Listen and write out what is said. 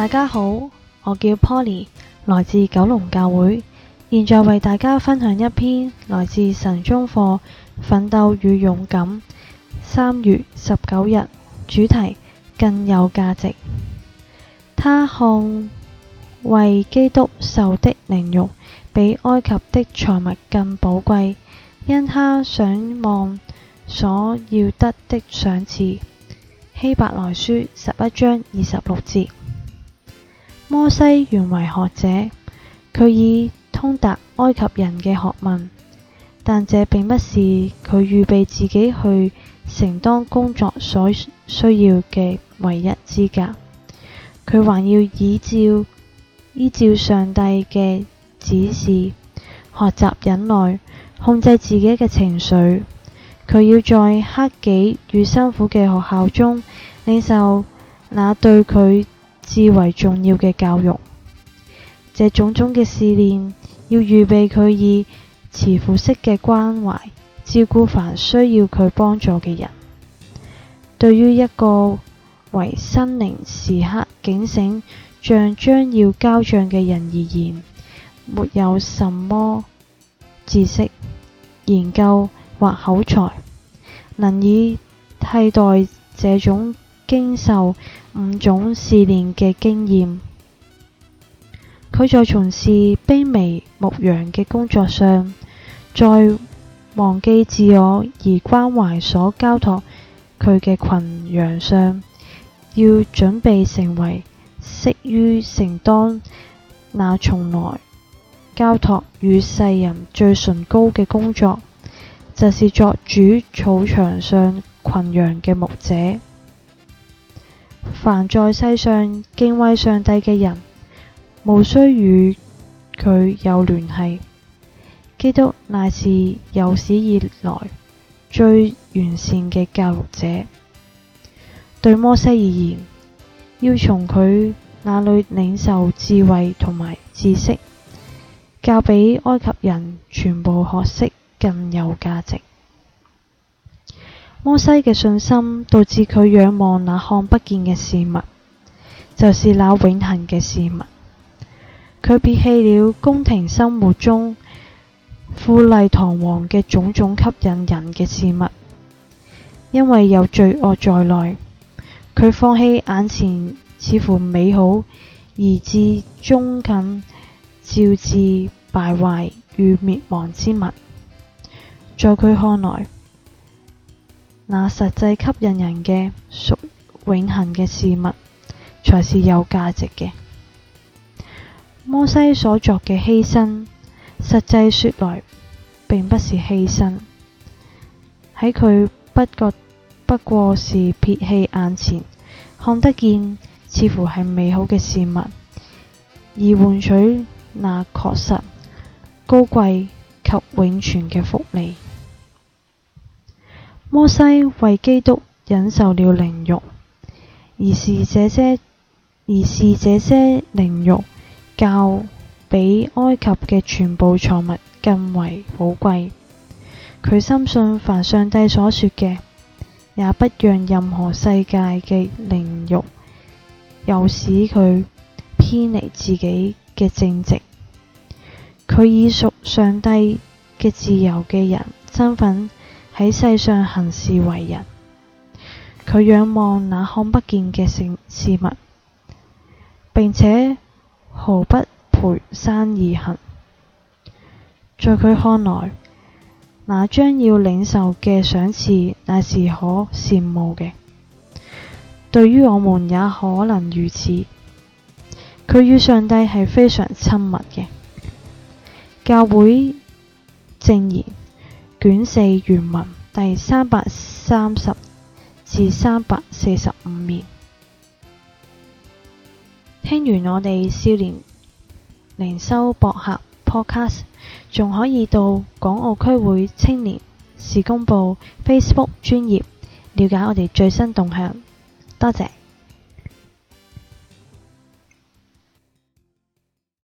大家好，我叫 Polly，來自九龍教會，現在為大家分享一篇來自神中課《奮鬥與勇敢》三月十九日主題更有價值。他看為基督受的凌辱比埃及的財物更寶貴，因他想望所要得的賞賜。希伯來書十一章二十六節。摩西原為學者，佢以通達埃及人嘅學問，但這並不是佢預備自己去承擔工作所需要嘅唯一資格。佢還要依照依照上帝嘅指示學習忍耐，控制自己嘅情緒。佢要在克己與辛苦嘅學校中，領受那對佢至為重要嘅教育，這種種嘅試煉，要預備佢以慈父式嘅關懷照顧凡需要佢幫助嘅人。對於一個為生靈時刻警醒、像將要交賬嘅人而言，沒有什麼知識研究或口才，能以替代這種。經受五種試煉嘅經驗，佢在從事卑微牧羊嘅工作上，在忘記自我而關懷所交託佢嘅群羊上，要準備成為適於承擔那從來交託與世人最崇高嘅工作，就是作主草場上群羊嘅牧者。凡在世上敬畏上帝嘅人，無需與佢有聯繫。基督乃是有史以來最完善嘅教育者。對摩西而言，要從佢那裏領受智慧同埋知識，較比埃及人全部學識更有價值。摩西嘅信心導致佢仰望那看不見嘅事物，就是那永恒嘅事物。佢撇棄了宮廷生活中富麗堂皇嘅種種吸引人嘅事物，因為有罪惡在內。佢放棄眼前似乎美好而至終近招致敗壞與滅亡之物，在佢看來。那實際吸引人嘅屬永恒嘅事物，才是有價值嘅。摩西所作嘅犧牲，實際說來，並不是犧牲。喺佢不過不過是撇棄眼前看得見、似乎係美好嘅事物，而換取那確實高貴及永存嘅福利。摩西為基督忍受了凌辱，而是這些，而是這些凌辱，較比埃及嘅全部財物更為寶貴。佢深信凡上帝所說嘅，也不讓任何世界嘅凌辱，誘使佢偏離自己嘅正直。佢以屬上帝嘅自由嘅人身份。喺世上行事為人，佢仰望那看不見嘅事物，並且毫不賠山而行。在佢看來，那將要領受嘅賞賜，那是可羨慕嘅。對於我們，也可能如此。佢與上帝係非常親密嘅。教會證言。卷四原文第三百三十至三百四十五頁。聽完我哋少年靈修博客 podcast，仲可以到港澳區會青年事工部 Facebook 專頁了解我哋最新動向。多謝。